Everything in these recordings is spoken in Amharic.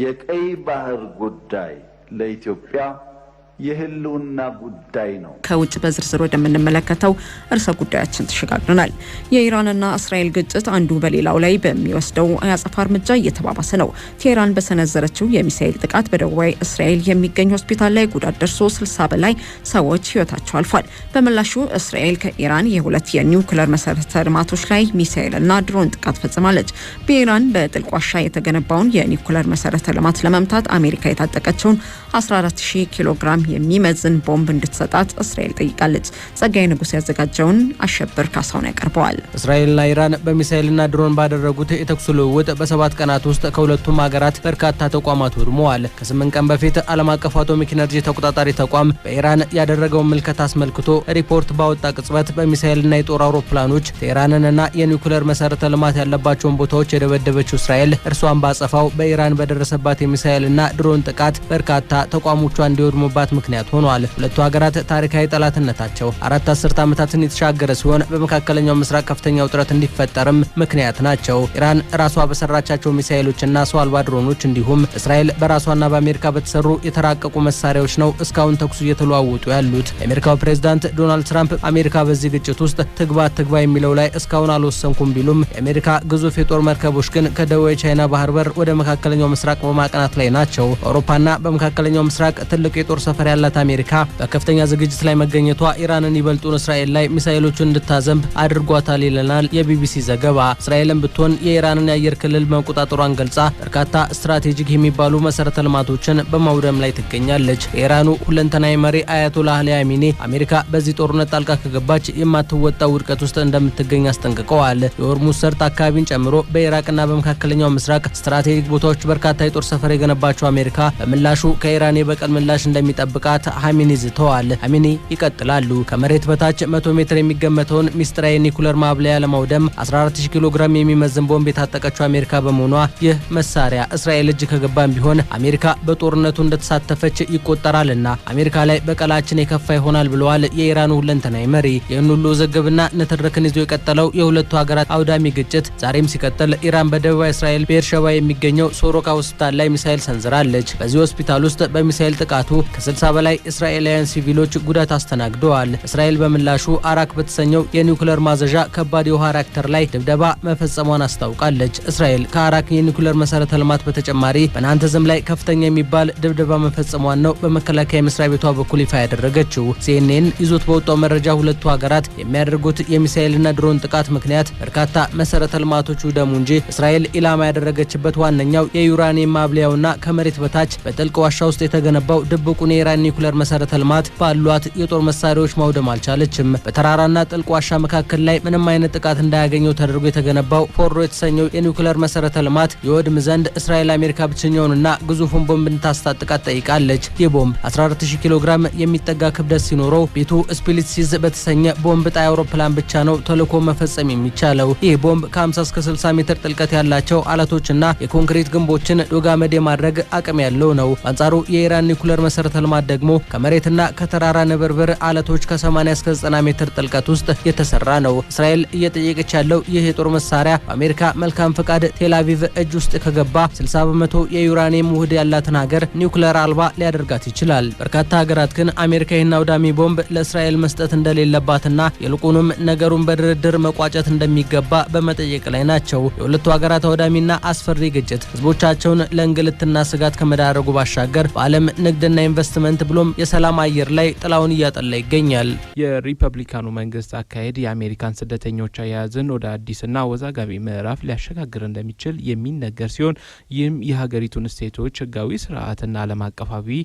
የቀይ ባህር ጉዳይ ለኢትዮጵያ የህልውና ጉዳይ ነው። ከውጭ በዝርዝር ወደምንመለከተው እርሰ ጉዳያችን ተሸጋግረናል። የኢራንና እስራኤል ግጭት አንዱ በሌላው ላይ በሚወስደው የአጸፋ እርምጃ እየተባባሰ ነው። ቴህራን በሰነዘረችው የሚሳኤል ጥቃት በደቡባዊ እስራኤል የሚገኝ ሆስፒታል ላይ ጉዳት ደርሶ 60 በላይ ሰዎች ህይወታቸው አልፏል። በምላሹ እስራኤል ከኢራን የሁለት የኒውክለር መሰረተ ልማቶች ላይ ሚሳኤልና ድሮን ጥቃት ፈጽማለች። በኢራን በጥልቅ ዋሻ የተገነባውን የኒውክለር መሰረተ ልማት ለመምታት አሜሪካ የታጠቀችውን 140 ኪሎ ግራም የሚመዝን ቦምብ እንድትሰጣት እስራኤል ጠይቃለች። ጸጋይ ንጉስ ያዘጋጀውን አሸብር ካሳሁን ያቀርበዋል። እስራኤልና ኢራን በሚሳኤልና ድሮን ባደረጉት የተኩስ ልውውጥ በሰባት ቀናት ውስጥ ከሁለቱም ሀገራት በርካታ ተቋማት ወድመዋል። ከስምንት ቀን በፊት ዓለም አቀፉ አቶሚክ ኤነርጂ ተቆጣጣሪ ተቋም በኢራን ያደረገውን ምልከት አስመልክቶ ሪፖርት ባወጣ ቅጽበት በሚሳኤልና የጦር አውሮፕላኖች ቴህራንንና የኒውክለር መሰረተ ልማት ያለባቸውን ቦታዎች የደበደበችው እስራኤል እርሷን ባጸፋው በኢራን በደረሰባት የሚሳኤልና ድሮን ጥቃት በርካታ ተቋሞቿ እንዲወድሙባት ምክንያት ሆኗል። ሁለቱ ሀገራት ታሪካዊ ጠላትነታቸው አራት አስርት ዓመታትን የተሻገረ ሲሆን በመካከለኛው ምስራቅ ከፍተኛ ውጥረት እንዲፈጠርም ምክንያት ናቸው። ኢራን ራሷ በሰራቻቸው ሚሳኤሎችና ሰው አልባ ድሮኖች እንዲሁም እስራኤል በራሷና በአሜሪካ በተሰሩ የተራቀቁ መሳሪያዎች ነው እስካሁን ተኩሱ እየተለዋወጡ ያሉት። የአሜሪካው ፕሬዝዳንት ዶናልድ ትራምፕ አሜሪካ በዚህ ግጭት ውስጥ ትግባ ትግባ የሚለው ላይ እስካሁን አልወሰንኩም ቢሉም የአሜሪካ ግዙፍ የጦር መርከቦች ግን ከደቡብ የቻይና ባህር በር ወደ መካከለኛው ምስራቅ በማቅናት ላይ ናቸው። በአውሮፓና በመካከለኛው ምስራቅ ትልቅ የጦር ሰፈር መሳሪያ ያላት አሜሪካ በከፍተኛ ዝግጅት ላይ መገኘቷ ኢራንን ይበልጡን እስራኤል ላይ ሚሳይሎቹን እንድታዘንብ አድርጓታል ይለናል የቢቢሲ ዘገባ። እስራኤልም ብትሆን የኢራንን የአየር ክልል መቆጣጠሯን ገልጻ በርካታ ስትራቴጂክ የሚባሉ መሰረተ ልማቶችን በማውደም ላይ ትገኛለች። የኢራኑ ሁለንተናዊ መሪ አያቶላህ አሊ አሜሪካ በዚህ ጦርነት ጣልቃ ከገባች የማትወጣው ውድቀት ውስጥ እንደምትገኝ አስጠንቅቀዋል። የሆርሙዝ ሰርጥ አካባቢን ጨምሮ በኢራቅና በመካከለኛው ምስራቅ ስትራቴጂክ ቦታዎች በርካታ የጦር ሰፈር የገነባቸው አሜሪካ በምላሹ ከኢራን የበቀል ምላሽ እንደሚጠብቅ ብቃት ሀሚኒ ዝተዋል። ሀሚኒ ይቀጥላሉ። ከመሬት በታች 100 ሜትር የሚገመተውን ሚስጥራዊ ኒኩለር ማብለያ ለማውደም 140 ኪሎ ግራም የሚመዝን ቦምብ የታጠቀችው አሜሪካ በመሆኗ ይህ መሳሪያ እስራኤል እጅ ከገባም ቢሆን አሜሪካ በጦርነቱ እንደተሳተፈች ይቆጠራልና አሜሪካ ላይ በቀላችን የከፋ ይሆናል ብለዋል የኢራኑ ሁለንተናዊ መሪ። ይህን ሁሉ ውዝግብና ንትርክን ይዞ የቀጠለው የሁለቱ ሀገራት አውዳሚ ግጭት ዛሬም ሲቀጥል ኢራን በደቡባ እስራኤል ቤርሸባ የሚገኘው ሶሮካ ሆስፒታል ላይ ሚሳኤል ሰንዝራለች። በዚህ ሆስፒታል ውስጥ በሚሳኤል ጥቃቱ ከ60 ከ 60 በላይ እስራኤላውያን ሲቪሎች ጉዳት አስተናግደዋል። እስራኤል በምላሹ አራክ በተሰኘው የኒውክለር ማዘዣ ከባድ የውሃ ሪያክተር ላይ ድብደባ መፈጸሟን አስታውቃለች። እስራኤል ከአራክ የኒውክለር መሰረተ ልማት በተጨማሪ በናታንዝም ላይ ከፍተኛ የሚባል ድብደባ መፈጸሟን ነው በመከላከያ መስሪያ ቤቷ በኩል ይፋ ያደረገችው። ሲኤንኤን ይዞት በወጣው መረጃ ሁለቱ ሀገራት የሚያደርጉት የሚሳኤልና ድሮን ጥቃት ምክንያት በርካታ መሰረተ ልማቶች ውደሙ እንጂ እስራኤል ኢላማ ያደረገችበት ዋነኛው የዩራኒየም ማብለያውና ከመሬት በታች በጥልቅ ዋሻ ውስጥ የተገነባው ድብቁን የኢራን የኢትዮጵያ ኒኩለር መሰረተ ልማት ባሏት የጦር መሳሪያዎች ማውደም አልቻለችም። በተራራና ጥልቅ ዋሻ መካከል ላይ ምንም አይነት ጥቃት እንዳያገኘው ተደርጎ የተገነባው ፎርዶ የተሰኘው የኒውክለር መሰረተ ልማት የወድም ዘንድ እስራኤል አሜሪካ ብቸኛውንና ግዙፉን ቦምብ እንድታስታጥቃት ጠይቃለች። ይህ ቦምብ 140 ኪሎ ግራም የሚጠጋ ክብደት ሲኖረው ቤቱ ስፒሊትሲዝ በተሰኘ ቦምብ ጣይ አውሮፕላን ብቻ ነው ተልዕኮ መፈጸም የሚቻለው። ይህ ቦምብ ከ50 እስከ 60 ሜትር ጥልቀት ያላቸው አለቶችና የኮንክሪት ግንቦችን ዶጋመድ የማድረግ አቅም ያለው ነው። በአንጻሩ የኢራን ኒኩለር መሰረተ ልማት ስርዓት ደግሞ ከመሬትና ከተራራ ንብርብር አለቶች ከ80 እስከ 90 ሜትር ጥልቀት ውስጥ የተሰራ ነው። እስራኤል እየጠየቀች ያለው ይህ የጦር መሳሪያ በአሜሪካ መልካም ፈቃድ ቴላቪቭ እጅ ውስጥ ከገባ 60 በመቶ የዩራኒየም ውህድ ያላትን ሀገር ኒውክለር አልባ ሊያደርጋት ይችላል። በርካታ ሀገራት ግን አሜሪካ ይህን አውዳሚ ቦምብ ለእስራኤል መስጠት እንደሌለባትና ይልቁንም ነገሩን በድርድር መቋጨት እንደሚገባ በመጠየቅ ላይ ናቸው። የሁለቱ ሀገራት አውዳሚና አስፈሪ ግጭት ህዝቦቻቸውን ለእንግልትና ስጋት ከመዳረጉ ባሻገር በዓለም ንግድና ኢንቨስትመንት ኢንቫይሮንመንት ብሎም የሰላም አየር ላይ ጥላውን እያጠላ ይገኛል። የሪፐብሊካኑ መንግስት አካሄድ የአሜሪካን ስደተኞች አያያዝን ወደ አዲስና አወዛጋቢ ምዕራፍ ሊያሸጋግር እንደሚችል የሚነገር ሲሆን ይህም የሀገሪቱን እሴቶች ህጋዊ ስርዓትና ዓለም አቀፋዊ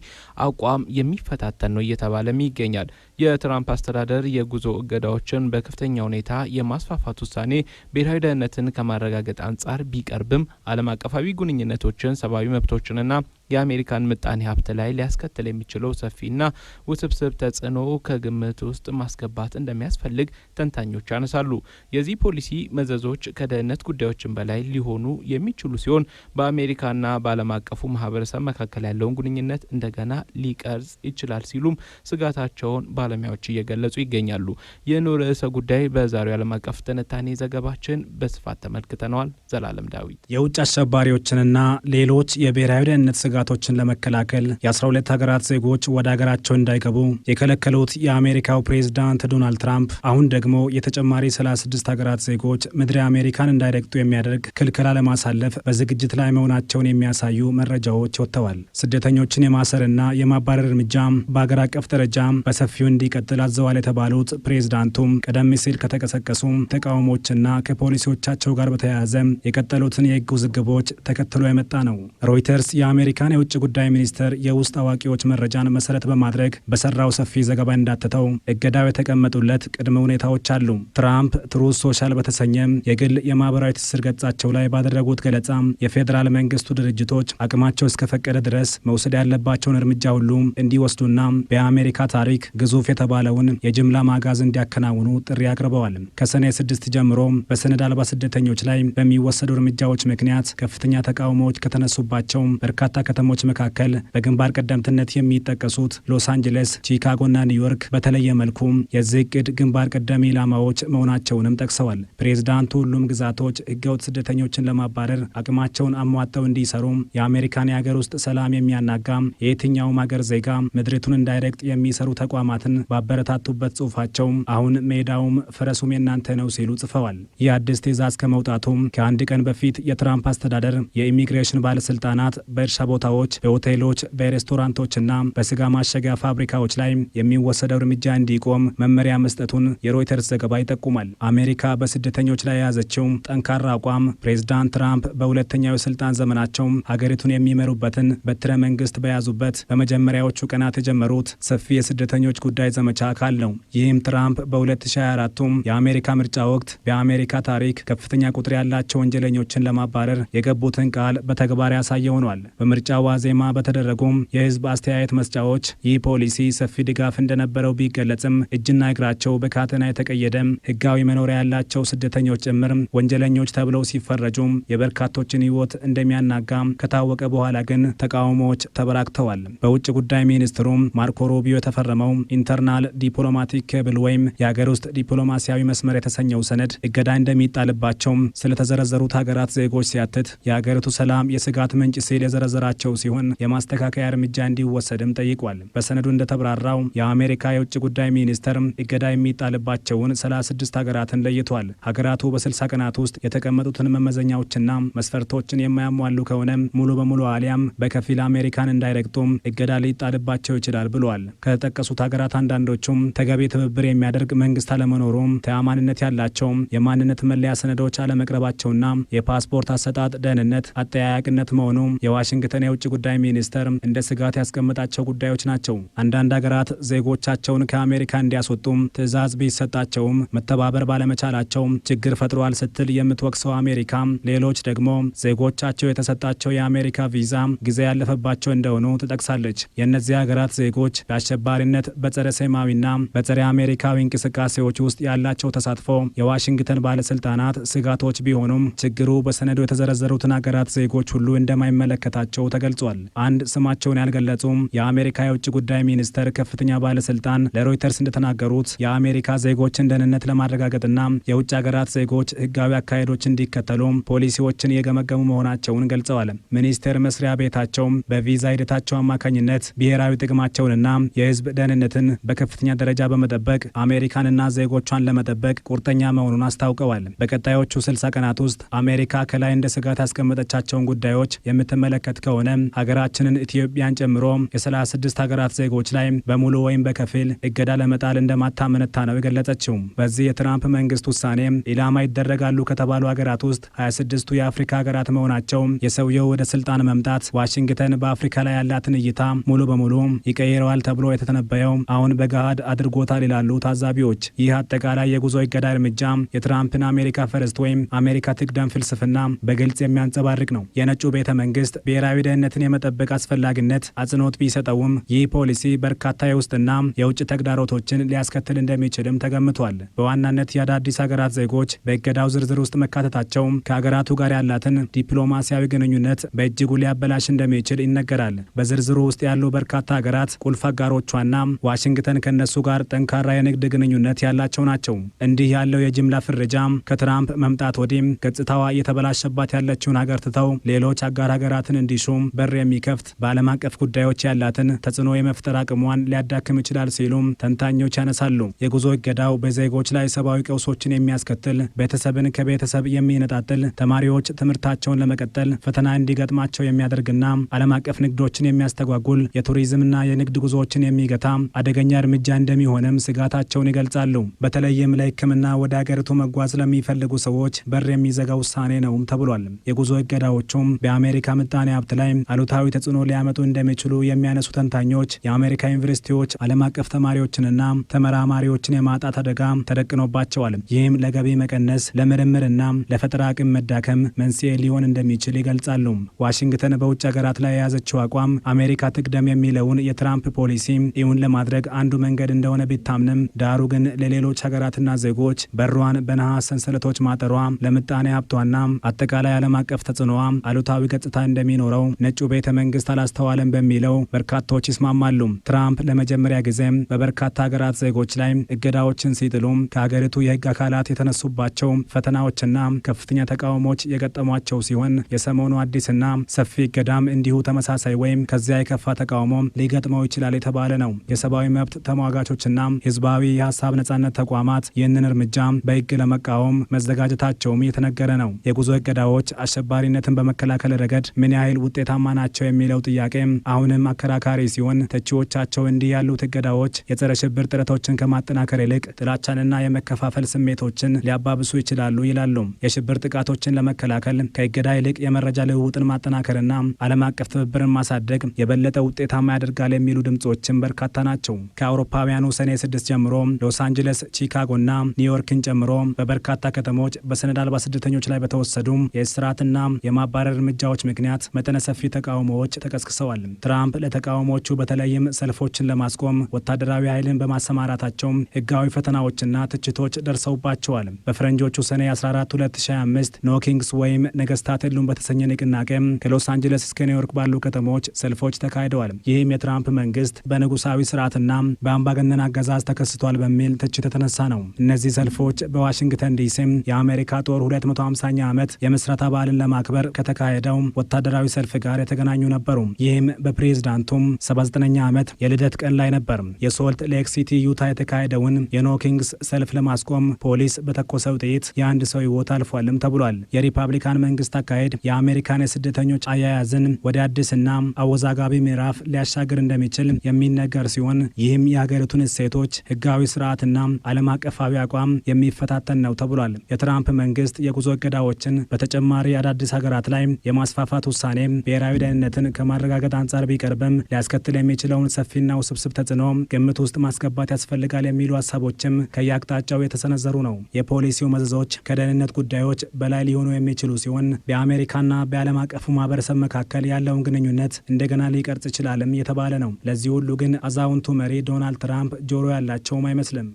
አቋም የሚፈታተን ነው እየተባለም ይገኛል። የትራምፕ አስተዳደር የጉዞ እገዳዎችን በከፍተኛ ሁኔታ የማስፋፋት ውሳኔ ብሔራዊ ደህንነትን ከማረጋገጥ አንጻር ቢቀርብም ዓለም አቀፋዊ ግንኙነቶችን፣ ሰብአዊ መብቶችንና የአሜሪካን ምጣኔ ሀብት ላይ ሊያስከትል የሚችለው ሰፊና ውስብስብ ተጽዕኖ ከግምት ውስጥ ማስገባት እንደሚያስፈልግ ተንታኞች ያነሳሉ። የዚህ ፖሊሲ መዘዞች ከደህንነት ጉዳዮችን በላይ ሊሆኑ የሚችሉ ሲሆን በአሜሪካና በዓለም አቀፉ ማህበረሰብ መካከል ያለውን ግንኙነት እንደገና ሊቀርጽ ይችላል ሲሉም ስጋታቸውን ባለሙያዎች እየገለጹ ይገኛሉ። ይህን ርዕሰ ጉዳይ በዛሬው ዓለም አቀፍ ትንታኔ ዘገባችን በስፋት ተመልክተነዋል። ዘላለም ዳዊት የውጭ አሸባሪዎችንና ሌሎች የብሔራዊ ደህንነት ስጋ ጥቃቶችን ለመከላከል የ12 ሀገራት ዜጎች ወደ ሀገራቸው እንዳይገቡ የከለከሉት የአሜሪካው ፕሬዝዳንት ዶናልድ ትራምፕ አሁን ደግሞ የተጨማሪ 36 ሀገራት ዜጎች ምድረ አሜሪካን እንዳይረግጡ የሚያደርግ ክልከላ ለማሳለፍ በዝግጅት ላይ መሆናቸውን የሚያሳዩ መረጃዎች ወጥተዋል። ስደተኞችን የማሰርና የማባረር እርምጃም በአገር አቀፍ ደረጃም በሰፊው እንዲቀጥል አዘዋል የተባሉት ፕሬዝዳንቱም ቀደም ሲል ከተቀሰቀሱ ተቃውሞችና ከፖሊሲዎቻቸው ጋር በተያያዘ የቀጠሉትን የህግ ውዝግቦች ተከትሎ የመጣ ነው። ሮይተርስ የአሜሪካን የኢራን የውጭ ጉዳይ ሚኒስቴር የውስጥ አዋቂዎች መረጃን መሰረት በማድረግ በሰራው ሰፊ ዘገባ እንዳተተው እገዳው የተቀመጡለት ቅድመ ሁኔታዎች አሉ። ትራምፕ ትሩዝ ሶሻል በተሰኘ የግል የማህበራዊ ትስስር ገጻቸው ላይ ባደረጉት ገለጻ የፌዴራል መንግስቱ ድርጅቶች አቅማቸው እስከፈቀደ ድረስ መውሰድ ያለባቸውን እርምጃ ሁሉ እንዲወስዱና በአሜሪካ ታሪክ ግዙፍ የተባለውን የጅምላ ማጋዝ እንዲያከናውኑ ጥሪ አቅርበዋል። ከሰኔ ስድስት ጀምሮ በሰነድ አልባ ስደተኞች ላይ በሚወሰዱ እርምጃዎች ምክንያት ከፍተኛ ተቃውሞዎች ከተነሱባቸው በርካታ ከተሞች መካከል በግንባር ቀደምትነት የሚጠቀሱት ሎስ አንጀለስ፣ ቺካጎና ኒውዮርክ በተለየ መልኩ የዚህ እቅድ ግንባር ቀደም ኢላማዎች መሆናቸውንም ጠቅሰዋል። ፕሬዝዳንቱ ሁሉም ግዛቶች ህገወጥ ስደተኞችን ለማባረር አቅማቸውን አሟጠው እንዲሰሩ የአሜሪካን የሀገር ውስጥ ሰላም የሚያናጋ የየትኛውም ሀገር ዜጋ ምድሪቱን እንዳይረግጥ የሚሰሩ ተቋማትን ባበረታቱበት ጽሁፋቸው አሁን ሜዳውም ፈረሱም የናንተ ነው ሲሉ ጽፈዋል። ይህ አዲስ ትእዛዝ ከመውጣቱም ከአንድ ቀን በፊት የትራምፕ አስተዳደር የኢሚግሬሽን ባለስልጣናት በእርሻ ቦታ ቦታዎች በሆቴሎች በሬስቶራንቶችና በስጋ ማሸጊያ ፋብሪካዎች ላይ የሚወሰደው እርምጃ እንዲቆም መመሪያ መስጠቱን የሮይተርስ ዘገባ ይጠቁማል። አሜሪካ በስደተኞች ላይ የያዘችው ጠንካራ አቋም ፕሬዚዳንት ትራምፕ በሁለተኛው የስልጣን ዘመናቸው ሀገሪቱን የሚመሩበትን በትረ መንግስት በያዙበት በመጀመሪያዎቹ ቀናት የጀመሩት ሰፊ የስደተኞች ጉዳይ ዘመቻ አካል ነው። ይህም ትራምፕ በ2024 የአሜሪካ ምርጫ ወቅት በአሜሪካ ታሪክ ከፍተኛ ቁጥር ያላቸው ወንጀለኞችን ለማባረር የገቡትን ቃል በተግባር ያሳየ ሆኗል። በምርጫ ምርጫ ዋዜማ በተደረጉ የህዝብ አስተያየት መስጫዎች ይህ ፖሊሲ ሰፊ ድጋፍ እንደነበረው ቢገለጽም እጅና እግራቸው በካተና የተቀየደ ህጋዊ መኖሪያ ያላቸው ስደተኞች ጭምር ወንጀለኞች ተብለው ሲፈረጁ የበርካቶችን ህይወት እንደሚያናጋ ከታወቀ በኋላ ግን ተቃውሞዎች ተበራክተዋል። በውጭ ጉዳይ ሚኒስትሩ ማርኮ ሮቢዮ የተፈረመው ኢንተርናል ዲፕሎማቲክ ኬብል ወይም የሀገር ውስጥ ዲፕሎማሲያዊ መስመር የተሰኘው ሰነድ እገዳ እንደሚጣልባቸው ስለተዘረዘሩት ሀገራት ዜጎች ሲያትት የሀገሪቱ ሰላም የስጋት ምንጭ ሲል የዘረዘራቸው ያላቸው ሲሆን የማስተካከያ እርምጃ እንዲወሰድም ጠይቋል። በሰነዱ እንደተብራራው የአሜሪካ የውጭ ጉዳይ ሚኒስተር እገዳ የሚጣልባቸውን 36 ሀገራትን ለይቷል። ሀገራቱ በ60 ቀናት ውስጥ የተቀመጡትን መመዘኛዎችና መስፈርቶችን የማያሟሉ ከሆነ ሙሉ በሙሉ አሊያም በከፊል አሜሪካን እንዳይረግጡም እገዳ ሊጣልባቸው ይችላል ብሏል። ከተጠቀሱት ሀገራት አንዳንዶቹም ተገቢ ትብብር የሚያደርግ መንግስት አለመኖሩ፣ ተአማንነት ያላቸው የማንነት መለያ ሰነዶች አለመቅረባቸውና የፓስፖርት አሰጣጥ ደህንነት አጠያያቂነት መሆኑ የዋሽንግተን የውጭ ጉዳይ ሚኒስተር እንደ ስጋት ያስቀመጣቸው ጉዳዮች ናቸው። አንዳንድ ሀገራት ዜጎቻቸውን ከአሜሪካ እንዲያስወጡ ትዕዛዝ ቢሰጣቸውም መተባበር ባለመቻላቸው ችግር ፈጥሯል ስትል የምትወቅሰው አሜሪካ፣ ሌሎች ደግሞ ዜጎቻቸው የተሰጣቸው የአሜሪካ ቪዛ ጊዜ ያለፈባቸው እንደሆኑ ትጠቅሳለች። የእነዚህ ሀገራት ዜጎች በአሸባሪነት በጸረ ሴማዊና በጸረ አሜሪካዊ እንቅስቃሴዎች ውስጥ ያላቸው ተሳትፎ የዋሽንግተን ባለስልጣናት ስጋቶች ቢሆኑም ችግሩ በሰነዱ የተዘረዘሩትን ሀገራት ዜጎች ሁሉ እንደማይመለከታቸው ገልጿል። አንድ ስማቸውን ያልገለጹም የአሜሪካ የውጭ ጉዳይ ሚኒስተር ከፍተኛ ባለስልጣን ለሮይተርስ እንደተናገሩት የአሜሪካ ዜጎችን ደህንነት ለማረጋገጥና የውጭ ሀገራት ዜጎች ህጋዊ አካሄዶች እንዲከተሉ ፖሊሲዎችን እየገመገሙ መሆናቸውን ገልጸዋል። ሚኒስቴር መስሪያ ቤታቸው በቪዛ ሂደታቸው አማካኝነት ብሔራዊ ጥቅማቸውንና የህዝብ ደህንነትን በከፍተኛ ደረጃ በመጠበቅ አሜሪካንና ዜጎቿን ለመጠበቅ ቁርጠኛ መሆኑን አስታውቀዋል። በቀጣዮቹ ስልሳ ቀናት ውስጥ አሜሪካ ከላይ እንደ ስጋት ያስቀመጠቻቸውን ጉዳዮች የምትመለከት ከሆነ በመሆንም ሀገራችንን ኢትዮጵያን ጨምሮ የ36 ሀገራት ዜጎች ላይ በሙሉ ወይም በከፊል እገዳ ለመጣል እንደማታመነታ ነው የገለጸችው። በዚህ የትራምፕ መንግስት ውሳኔ ኢላማ ይደረጋሉ ከተባሉ ሀገራት ውስጥ 26ቱ የአፍሪካ ሀገራት መሆናቸው የሰውየው ወደ ስልጣን መምጣት ዋሽንግተን በአፍሪካ ላይ ያላትን እይታ ሙሉ በሙሉ ይቀይረዋል ተብሎ የተተነበየው አሁን በገሃድ አድርጎታል ይላሉ ታዛቢዎች። ይህ አጠቃላይ የጉዞ እገዳ እርምጃ የትራምፕን አሜሪካ ፈርስት ወይም አሜሪካ ትቅደም ፍልስፍና በግልጽ የሚያንጸባርቅ ነው። የነጩ ቤተ መንግስት ብሔራዊ ደህን ደህንነትን የመጠበቅ አስፈላጊነት አጽንኦት ቢሰጠውም ይህ ፖሊሲ በርካታ የውስጥና የውጭ ተግዳሮቶችን ሊያስከትል እንደሚችልም ተገምቷል። በዋናነት የአዳዲስ ሀገራት ዜጎች በእገዳው ዝርዝር ውስጥ መካተታቸው ከሀገራቱ ጋር ያላትን ዲፕሎማሲያዊ ግንኙነት በእጅጉ ሊያበላሽ እንደሚችል ይነገራል። በዝርዝሩ ውስጥ ያሉ በርካታ ሀገራት ቁልፍ አጋሮቿና ዋሽንግተን ከነሱ ጋር ጠንካራ የንግድ ግንኙነት ያላቸው ናቸው። እንዲህ ያለው የጅምላ ፍረጃ ከትራምፕ መምጣት ወዲህ ገጽታዋ እየተበላሸባት ያለችውን ሀገር ትተው ሌሎች አጋር ሀገራትን እንዲሹም በር የሚከፍት በዓለም አቀፍ ጉዳዮች ያላትን ተጽዕኖ የመፍጠር አቅሟን ሊያዳክም ይችላል ሲሉም ተንታኞች ያነሳሉ። የጉዞ እገዳው በዜጎች ላይ ሰብአዊ ቀውሶችን የሚያስከትል፣ ቤተሰብን ከቤተሰብ የሚነጣጥል፣ ተማሪዎች ትምህርታቸውን ለመቀጠል ፈተና እንዲገጥማቸው የሚያደርግና ዓለም አቀፍ ንግዶችን የሚያስተጓጉል፣ የቱሪዝምና የንግድ ጉዞዎችን የሚገታ አደገኛ እርምጃ እንደሚሆንም ስጋታቸውን ይገልጻሉ። በተለይም ለሕክምና ወደ አገሪቱ መጓዝ ለሚፈልጉ ሰዎች በር የሚዘጋ ውሳኔ ነውም ተብሏል። የጉዞ እገዳዎቹም በአሜሪካ ምጣኔ ሀብት ላይ ላይም አሉታዊ ተጽዕኖ ሊያመጡ እንደሚችሉ የሚያነሱ ተንታኞች የአሜሪካ ዩኒቨርሲቲዎች ዓለም አቀፍ ተማሪዎችንና ተመራማሪዎችን የማጣት አደጋ ተደቅኖባቸዋል። ይህም ለገቢ መቀነስ፣ ለምርምርና ለፈጠራ አቅም መዳከም መንስኤ ሊሆን እንደሚችል ይገልጻሉ። ዋሽንግተን በውጭ ሀገራት ላይ የያዘችው አቋም አሜሪካ ትቅደም የሚለውን የትራምፕ ፖሊሲ እውን ለማድረግ አንዱ መንገድ እንደሆነ ቢታምንም ዳሩ ግን ለሌሎች ሀገራትና ዜጎች በሯን በነሐስ ሰንሰለቶች ማጠሯ ለምጣኔ ሀብቷና አጠቃላይ ዓለም አቀፍ ተጽዕኖዋ አሉታዊ ገጽታ እንደሚኖረው ነጩ ቤተ መንግስት አላስተዋለም በሚለው በርካታዎች ይስማማሉ። ትራምፕ ለመጀመሪያ ጊዜም በበርካታ ሀገራት ዜጎች ላይ እገዳዎችን ሲጥሉ ከሀገሪቱ የህግ አካላት የተነሱባቸው ፈተናዎችና ከፍተኛ ተቃውሞች የገጠሟቸው ሲሆን የሰሞኑ አዲስና ሰፊ እገዳም እንዲሁ ተመሳሳይ ወይም ከዚያ የከፋ ተቃውሞ ሊገጥመው ይችላል የተባለ ነው። የሰብአዊ መብት ተሟጋቾችና ህዝባዊ የሀሳብ ነጻነት ተቋማት ይህንን እርምጃ በህግ ለመቃወም መዘጋጀታቸውም እየተነገረ ነው። የጉዞ እገዳዎች አሸባሪነትን በመከላከል ረገድ ምን ያህል ውጤት ውጤታማ ናቸው የሚለው ጥያቄ አሁንም አከራካሪ ሲሆን ተቺዎቻቸው እንዲህ ያሉት እገዳዎች የጸረ ሽብር ጥረቶችን ከማጠናከር ይልቅ ጥላቻንና የመከፋፈል ስሜቶችን ሊያባብሱ ይችላሉ ይላሉ። የሽብር ጥቃቶችን ለመከላከል ከእገዳ ይልቅ የመረጃ ልውውጥን ማጠናከርና ዓለም አቀፍ ትብብርን ማሳደግ የበለጠ ውጤታማ ያደርጋል የሚሉ ድምጾችም በርካታ ናቸው። ከአውሮፓውያኑ ሰኔ ስድስት ጀምሮ ሎስ አንጀለስ፣ ቺካጎና ኒውዮርክን ጨምሮ በበርካታ ከተሞች በሰነድ አልባ ስደተኞች ላይ በተወሰዱ የእስራትና የማባረር እርምጃዎች ምክንያት መጠነ ሰፊ ሰፊ ተቃውሞዎች ተቀስቅሰዋል። ትራምፕ ለተቃውሞዎቹ በተለይም ሰልፎችን ለማስቆም ወታደራዊ ኃይልን በማሰማራታቸው ህጋዊ ፈተናዎችና ትችቶች ደርሰውባቸዋል። በፈረንጆቹ ሰኔ 14 2025 ኖኪንግስ ወይም ነገስታት የሉም በተሰኘ ንቅናቄ ከሎስ አንጀለስ እስከ ኒውዮርክ ባሉ ከተሞች ሰልፎች ተካሂደዋል። ይህም የትራምፕ መንግስት በንጉሳዊ ስርዓትና በአምባገነን አገዛዝ ተከስቷል በሚል ትችት የተነሳ ነው። እነዚህ ሰልፎች በዋሽንግተን ዲሲ የአሜሪካ ጦር 250ኛ ዓመት የምስረታ በዓልን ለማክበር ከተካሄደው ወታደራዊ ሰልፍ ጋር ጋር የተገናኙ ነበሩ። ይህም በፕሬዝዳንቱም 79ኛ ዓመት የልደት ቀን ላይ ነበር። የሶልት ሌክ ሲቲ ዩታ የተካሄደውን የኖኪንግስ ሰልፍ ለማስቆም ፖሊስ በተኮሰው ጥይት የአንድ ሰው ሕይወት አልፏልም ተብሏል። የሪፐብሊካን መንግስት አካሄድ የአሜሪካን የስደተኞች አያያዝን ወደ አዲስና አወዛጋቢ ምዕራፍ ሊያሻግር እንደሚችል የሚነገር ሲሆን ይህም የሀገሪቱን እሴቶች፣ ህጋዊ ስርዓትና ዓለም አቀፋዊ አቋም የሚፈታተን ነው ተብሏል። የትራምፕ መንግስት የጉዞ እገዳዎችን በተጨማሪ አዳዲስ ሀገራት ላይ የማስፋፋት ውሳኔ ብሔራዊ ደህንነትን ከማረጋገጥ አንጻር ቢቀርብም ሊያስከትል የሚችለውን ሰፊና ውስብስብ ተጽዕኖ ግምት ውስጥ ማስገባት ያስፈልጋል የሚሉ ሀሳቦችም ከየአቅጣጫው የተሰነዘሩ ነው። የፖሊሲው መዘዞች ከደህንነት ጉዳዮች በላይ ሊሆኑ የሚችሉ ሲሆን በአሜሪካና በዓለም አቀፉ ማህበረሰብ መካከል ያለውን ግንኙነት እንደገና ሊቀርጽ ይችላልም የተባለ ነው። ለዚህ ሁሉ ግን አዛውንቱ መሪ ዶናልድ ትራምፕ ጆሮ ያላቸውም አይመስልም።